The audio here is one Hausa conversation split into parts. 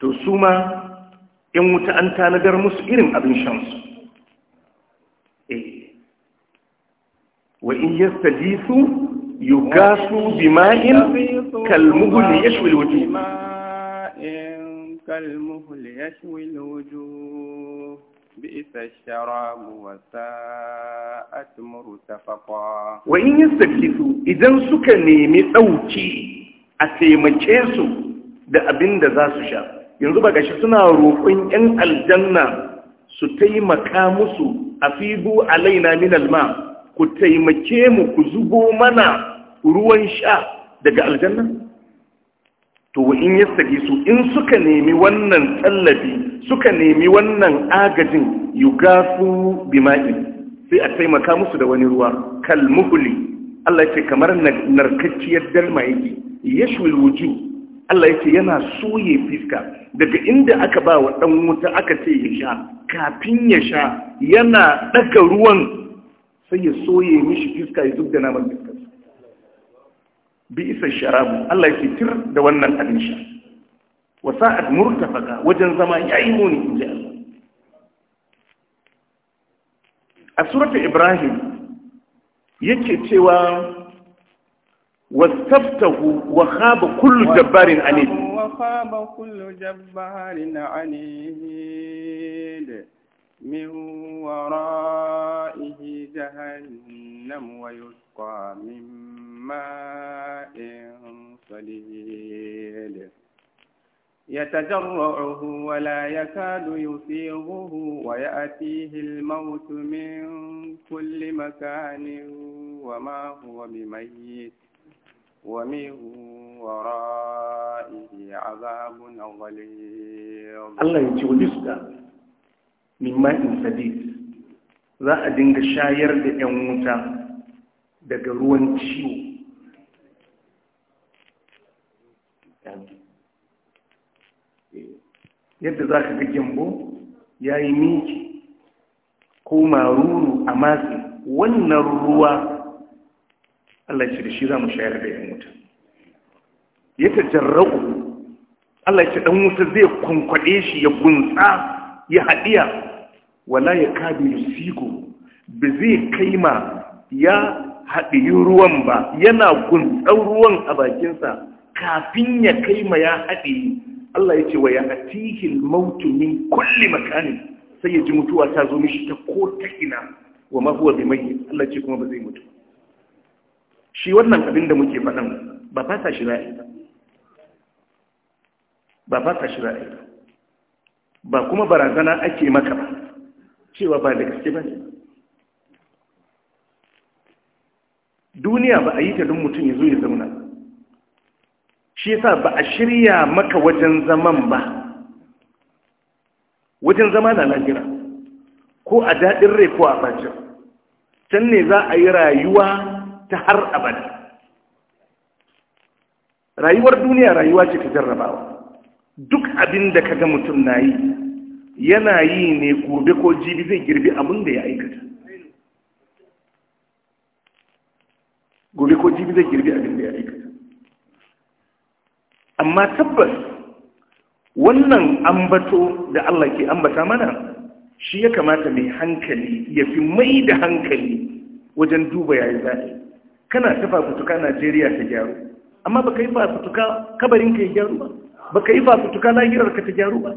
to su ma ‘yan wuta an tanadar musu irin abin shansu e wa in yi sadi su yi gasu bi ma’in kalmuhu ya wa in yi sadi su idan suka nemi ɗauki a taimake su da abin da za su sha? yanzu ba gashi suna roƙon 'yan aljanna su taimaka musu a fibu alaina min alma ku taimake mu ku zubo mana ruwan sha daga aljanna to in yasta su in suka nemi wannan tallafi suka nemi wannan agajin yugafu bima'in sai a taimaka musu da wani ruwa kalmuhuli Allah ce kamar narkacciyar dalma yake yashwil wujuh Allah yake yana soye fiska daga inda aka ba wa ɗan wuta aka ce ya sha kafin ya sha yana ɗaga ruwan sai ya soye mishi fiska ya zubda da naman fiska bi isa sharabu Allah yake tir da wannan abin sha wa sa'ad murtafaka wajen zama yi muni ji Allah a surata Ibrahim yake cewa واستفته وخاب كل جبار عنيد وخاب كل جبار عنيد من ورائه جهنم ويسقى من ماء صليل يتجرعه ولا يكاد يسيغه ويأتيه الموت من كل مكان وما هو بميت ومن ورائه عذاب غليظ الله يجيو لسدا مما إن سديد za a dinga shayar da 'yan wuta daga ruwan ciwo yadda za ka ga gyambo ya yi miki ko maruru a matsi wannan ruwa Allah ya ce da shi za mu shayar da yan wuta ya tajarra'u Allah ya ce dan wuta zai kwankwaɗe shi ya gunsa ya haɗiya wala ya kabi yusigo ba zai kaima ya haɗiyi ruwan ba yana guntsan ruwan a bakinsa kafin ya kaima ya haɗiyi Allah ya ce wa ya atihil mautu min kulli makani sai ya ji mutuwa ta zo mishi ta ko ta ina wa mahuwa bi mai Allah ce kuma ba zai mutu shi wannan abin da muke faɗan ba fata shi ra'ayi ba fata shi ra'ayi ba kuma barazana ake maka ba cewa ba da gaske ba ne duniya ba a yi ta don mutum ya zo ya zauna shi yasa ba a shirya maka wajen zaman ba wajen zama na lagira ko a daɗin rai ko a bacin can ne za a yi rayuwa ta har abada rayuwar duniya rayuwa ce ta jarrabawa duk abin da kaga mutum na yi yana yi ne gobe ko jibi zai girbi abin da ya aikata gobe ko jibi zai girbi abin da ya aikata amma tabbas wannan ambato da Allah ke ambata mana shi ya kamata mai hankali ya fi mai da hankali wajen duba yayi zaɓi kana ta fafutuka najeriya ta gyaru amma baka yi fafutuka ka ya gyaru ba baka yi fafutuka ka ta gyaru ba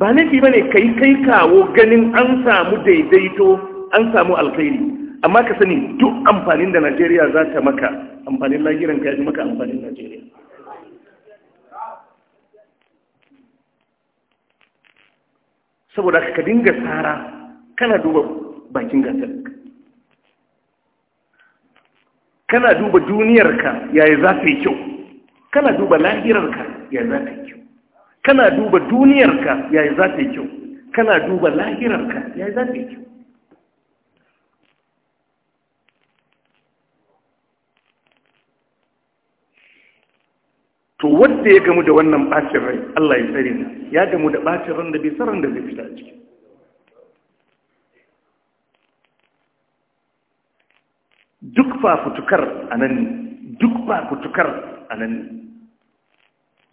ba fi ba ne kai kai kawo ganin an samu daidaito an samu alkhairi amma ka sani duk amfanin da najeriya za ta maka amfanin ka ya ji maka amfanin najeriya saboda ka dinga tsara kana duba bakin gasar kana duba duniyarka yayi za ta yi kyau kana duba lahirarka yayi za ta yi kyau kana duba duniyarka yayi za ta yi kyau kana duba lahirarka yayi za ta yi kyau to wanda ya gamu da wannan bacin rai Allah ya tsare ya gamu da bacin ran da bai saran da zai fita ciki duk fafutukar a nan ne duk fafutukar a nan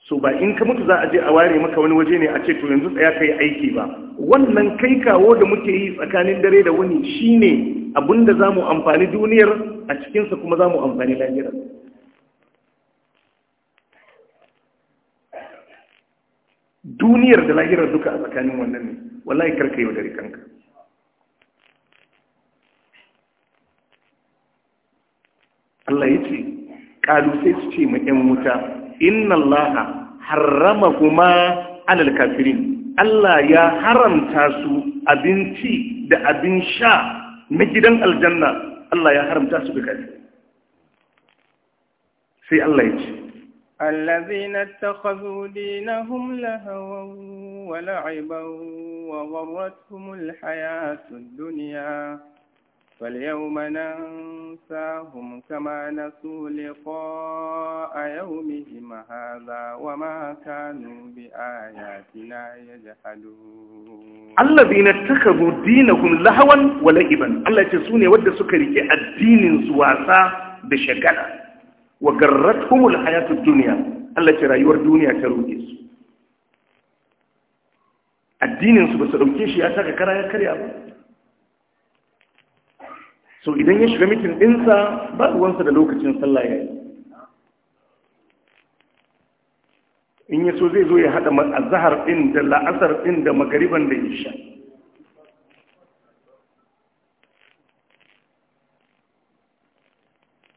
so ba in ka mutu za a je a ware maka wani waje ne a ce to yanzu tsaya kai aiki ba wannan kai kawo da muke yi tsakanin dare da wani shine abinda za mu amfani duniyar a cikinsa kuma za mu amfani lahira. duniyar da lahirar duka a tsakanin wannan ne wallahi karka yau dare kanka Allah ya ce ƙalu sai su ce ma ‘yan wuta inna Allah harrama kuma alal kafirin Allah ya haramta su abinci da abin sha na gidan aljanna Allah ya haramta su ga kafirin sai Allah ya ce الذين اتخذوا دينهم لهوا ولعبا وغرتهم الحياة الدنيا فاليوم ننساهم كما نسوا لقاء يومهم هذا وما كانوا بآياتنا يجحدون الذين اتخذوا دينهم لهوا ولعبا الله يتسوني ود سكري الدين زواسا بشكلا وقرتهم الحياة الدنيا الله ترى يور دنيا تروجس الدين سبسرمكيش يا ساكا كرايا كريا so idan ya shiga mitin ɗinsa ba ruwansa da lokacin sallah ya yi in ya so zai zo ya haɗa azahar ɗin da la'asar ɗin da magariban da isha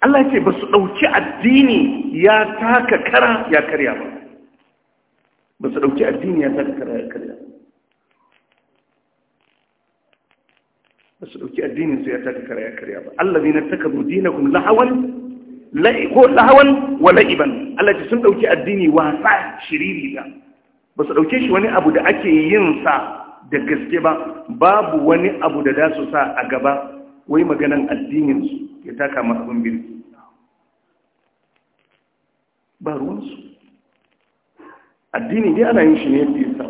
Allah ce ba su ɗauki addini ya taka kara ya karya ba ba su ɗauki addini ya taka kara ya karya ba Basu su ɗauki addinin su ya taka kare ya karya ba Allah zina taka dina dinakum lahawan ko lahawan wa la'iban Allah ce sun ɗauki addini wasa shiriri da ba su ɗauke shi wani abu da ake yin sa da gaske ba babu wani abu da za sa a gaba wai maganan addinin su ya taka masu abin ba ruwansu addini dai ana yin shi ne yadda ya sa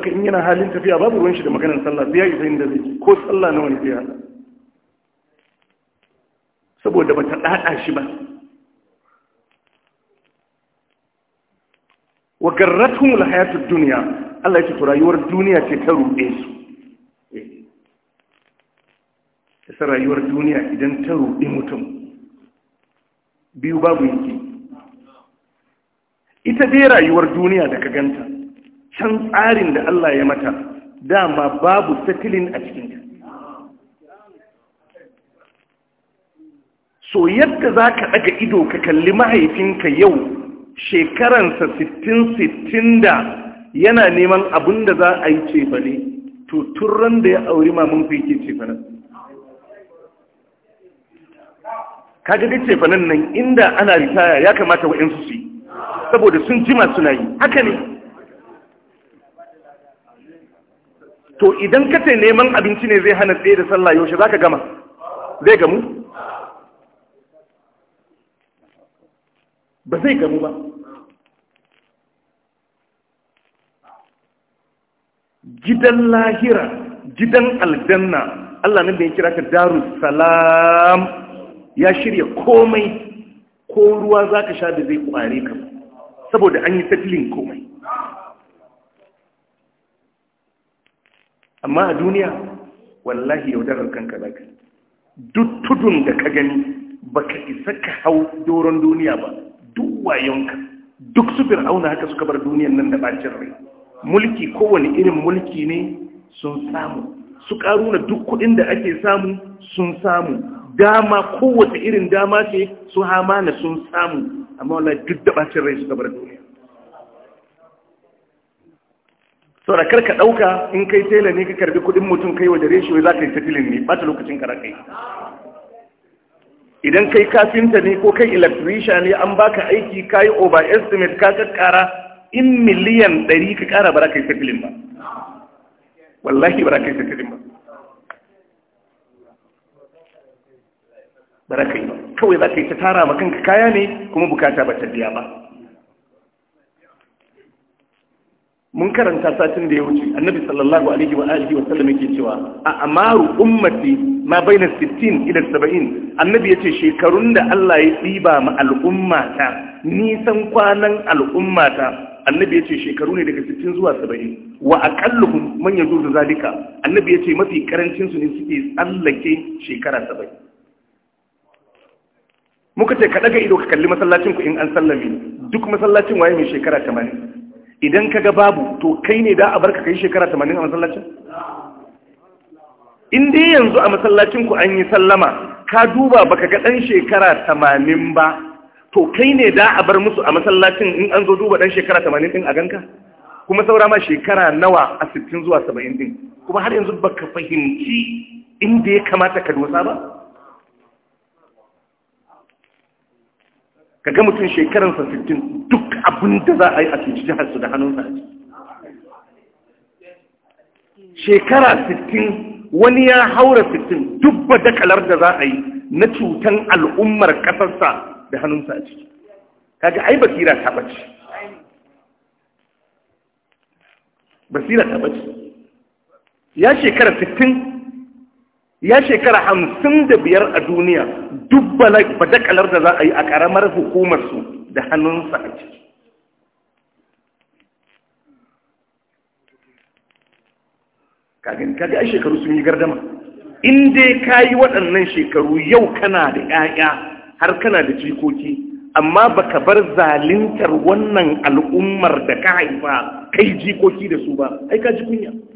ka in yana halin tafiya babu ruwan shi da maganar sallah sai ya isa inda zai ko sallah na wani ya saboda ba ta ɗaɗa shi ba wa garratun alhayatul duniya Allah ya ce rayuwar duniya ce ta rube su ta eh. rayuwar duniya idan ta rube mutum biyu babu yake ita dai rayuwar duniya da ka ganta can tsarin da Allah ya mata dama babu settling a cikinta so yadda za ka ɗaga ido ka kalli mahaifinka yau shekaransa sittin sittin da yana neman abin da za a yi cefane to turan da ya auri mamun fi ke cefanen Ka dai cefanen nan inda ana ritaya ya kamata su su yi saboda sun jima suna yi haka ne to idan ka ce neman abinci ne zai hana tsaye da sallah yaushe za ka gama zai gamu? ba zai gamu ba gidan lahira gidan aljanna Allah nan da ya kira ka daru salam ya shirya komai ko ruwa za ka sha da zai kware ka saboda an yi tattalin komai amma a duniya wallahi yaudarar kanka za ka duk tudun da ka gani ba ka isa ka hau doron duniya ba duk wayonka duk su fir'auna haka suka bar duniyan nan da bacin rai mulki kowane irin mulki ne sun samu su karuna duk kuɗin da ake samu sun samu dama kowace irin dama ce su hamana sun samu amma wallahi duk da bacin rai suka bar duniya saboda kar ka ɗauka in kai tela ne ka karbi kuɗin mutum kai shi reshiyo za ka yi tafilin ne ɓata lokacin kara kai idan kai kafinta ne ko kai electrician ne an baka aiki ka yi overestimate ka kakkara in miliyan ɗari ka ƙara ba za ka yi tafilin ba wallahi ba za ka yi tafilin ba ba za ka yi ba kawai za ka yi ta tara ma kanka kaya ne kuma bukata ba ta biya ba mun karanta satin da ya wuce annabi sallallahu alaihi wa alihi wa sallam yake cewa a amaru ummati ma baina 60 ila 70 annabi yace shekarun da Allah ya diba ma al'ummata nisan kwanan al'ummata annabi yace shekaru ne daga 60 zuwa 70 wa aqalluhum man yajuzu zalika annabi yace mafi karancin su ne suke tsallake shekara 70 muka ce ka daga ido ka kalli masallacin ku in an sallame duk masallacin waye mai shekara 80 idan kaga babu to kai ne da a ka kai shekara 80 a masallacin in dai yanzu a masallacin ku an yi sallama ka duba baka ga dan shekara 80 ba to kai ne da a bar musu a masallacin in an zo duba dan shekara 80 din a ganka kuma saura ma shekara nawa a 60 zuwa 70 din kuma har yanzu baka fahimci inda ya kamata ka dosa ba ka ga mutum shekaransa 15 duk abin da za a yi a cikin jiharsu da hannunsa a ciki shekara 60 wani ya haura 60 duk ba kalar da za a yi na cutan al'ummar ƙasarsa da hannunsa a ciki kaga ai basira ta bace basira ta bace ya shekara 60 ya shekara hamsin da biyar a duniya duk badakalar da za a yi a ƙaramar hukumarsu da hannunsa a ciki kaga ai shekaru sun yi gardama in dai ka yi waɗannan shekaru yau kana da 'ya'ya har kana da jikoki amma baka bar zalintar wannan al'ummar da ka haifa kai jikoki da su ba ai ka ji kunya